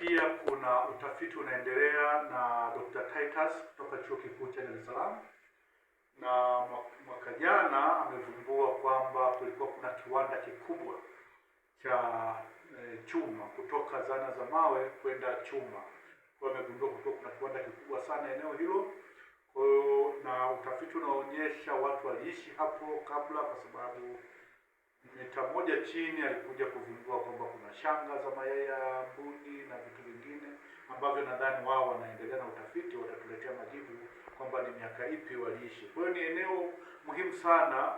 Pia kuna utafiti unaendelea na Dr. Titus kutoka Chuo Kikuu cha Dar es Salaam, na mwaka jana amevumbua kwamba kulikuwa kuna kiwanda kikubwa cha e, chuma kutoka zana za mawe kwenda chuma. Kwa hiyo amegundua kulikuwa kuna kiwanda kikubwa sana eneo hilo. Kwa hiyo na utafiti unaonyesha watu waliishi hapo kabla, kwa sababu mita moja chini alikuja kuvindua kwamba kuna shanga za mayai ya mbuni na vitu vingine ambavyo nadhani wao wanaendelea na utafiti, watatuletea majibu kwamba ni miaka ipi waliishi. Kwa hiyo ni eneo muhimu sana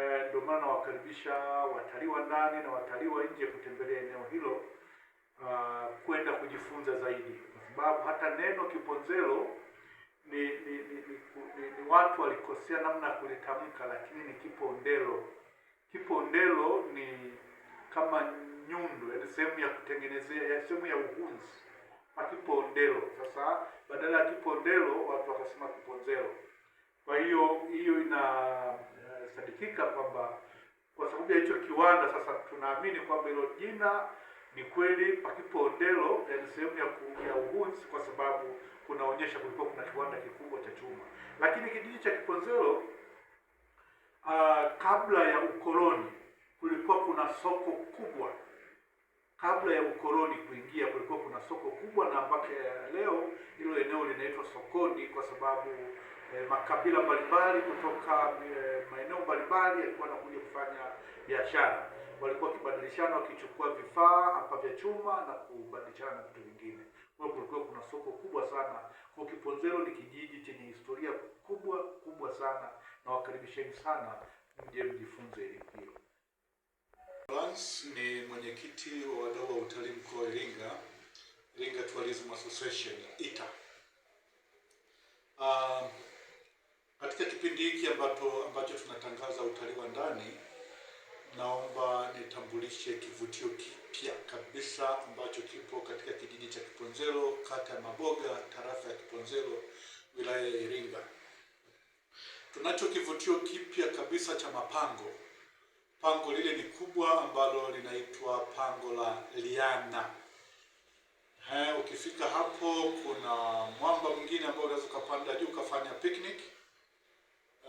eh, ndio maana nawakaribisha watalii wa ndani na watalii wa nje kutembelea eneo hilo, uh, kwenda kujifunza zaidi, kwa sababu hata neno Kiponzelo ni ni, ni, ni, ni, ni watu walikosea namna ya kulitamka, lakini ni Kipondelo. Kipondelo ni kama nyundo, yaani sehemu ya kutengenezea, ya sehemu ya uhunzi pakipondelo. Sasa badala ya kipondelo watu wakasema kiponzelo. Kwa hiyo hiyo inasadikika eh, kwamba kwa sababu ya hicho kiwanda, sasa tunaamini kwamba hilo jina ni kweli pakipondelo, yaani sehemu ya ya uhunzi, kwa sababu kunaonyesha kulikuwa kuna kiwanda kikubwa cha chuma, lakini kijiji cha Kiponzelo uh, kabla ya ukoloni kulikuwa kuna soko kubwa. Kabla ya ukoloni kuingia, kulikuwa kuna soko kubwa, na mpaka leo hilo eneo linaitwa sokoni kwa sababu eh, makabila mbalimbali kutoka eh, maeneo mbalimbali yalikuwa yanakuja kufanya biashara. Walikuwa wakibadilishana, wakichukua vifaa hapa vya chuma na kubadilishana na vitu vingine kwa kulikuwa kuna soko kubwa sana kwa Kiponzero ni kijiji chenye historia kubwa kubwa sana na wakaribisheni sana mje mjifunze elimu hiyo. ni mwenyekiti wa wadau wa utalii mkoa wa Iringa, Iringa Tourism Association ITA. Um, ah, katika kipindi hiki ambacho, ambacho tunatangaza utalii wa ndani, naomba nitambulishe kivutio ambacho kipo katika kijiji cha Kiponzero, kata ya Maboga, tarafa ya Kiponzero, wilaya ya Iringa. Tunacho kivutio kipya kabisa cha mapango. Pango lile ni kubwa ambalo linaitwa pango la Liana. He, ukifika hapo kuna mwamba mwingine ambao unaweza ukapanda juu ukafanya picnic.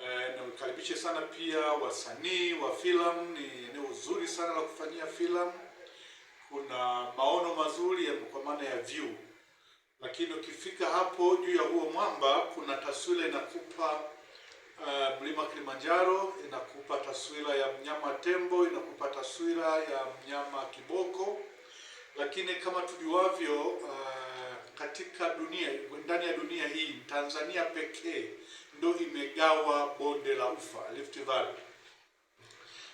E, na ukaribishe sana pia wasanii wa filamu, ni eneo zuri sana la kufanyia filamu kuna maono mazuri ya kwa maana ya view, lakini ukifika hapo juu ya huo mwamba kuna taswira inakupa uh, mlima Kilimanjaro, inakupa taswira ya mnyama tembo, inakupa taswira ya mnyama kiboko, lakini kama tujuavyo uh, katika dunia ndani ya dunia hii Tanzania pekee ndio imegawa bonde la ufa Rift Valley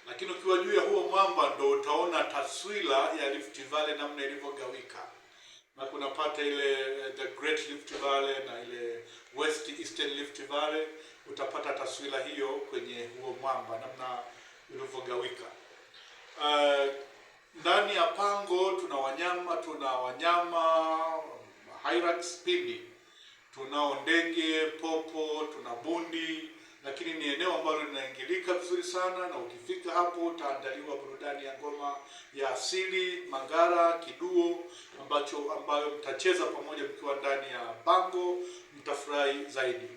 lakini ukiwa juu ya huo mwamba ndo utaona taswira ya Rift Valley namna ilivyogawika, na kunapata ile eh, the Great Rift Valley na ile West Eastern Rift Valley. Utapata taswira hiyo kwenye huo mwamba namna ilivyogawika Uh, eh, ndani ya pango tuna wanyama, tuna wanyama hyrax, pibi, tunao ndege, popo, tuna bundi, lakini ni eneo ambalo linaingia sana, na ukifika hapo utaandaliwa burudani ya ngoma ya asili mangara kiduo, ambacho ambayo mtacheza pamoja mkiwa ndani ya pango, mtafurahi zaidi.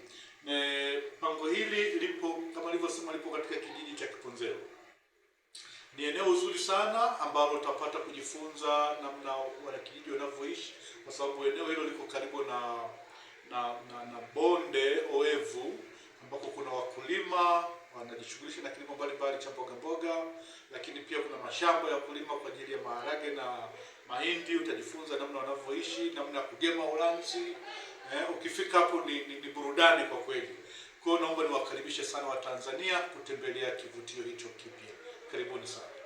E, pango hili lipo kama nilivyosema, lipo katika kijiji cha Kipunzeo. Ni eneo zuri sana ambalo utapata kujifunza namna wanakijiji wanavyoishi, kwa sababu eneo hilo liko karibu na na, na, na bonde oevu ambako kuna wakulima wanajishughulisha na kilimo mbalimbali cha mboga mboga, lakini pia kuna mashamba ya kulima kwa ajili ya maharage na mahindi. Utajifunza namna wanavyoishi, namna ya kugema ulanzi. Eh, ukifika hapo ni, ni, ni burudani kwa kweli. Kwa hiyo naomba niwakaribishe sana Watanzania kutembelea kivutio hicho kipya. Karibuni sana.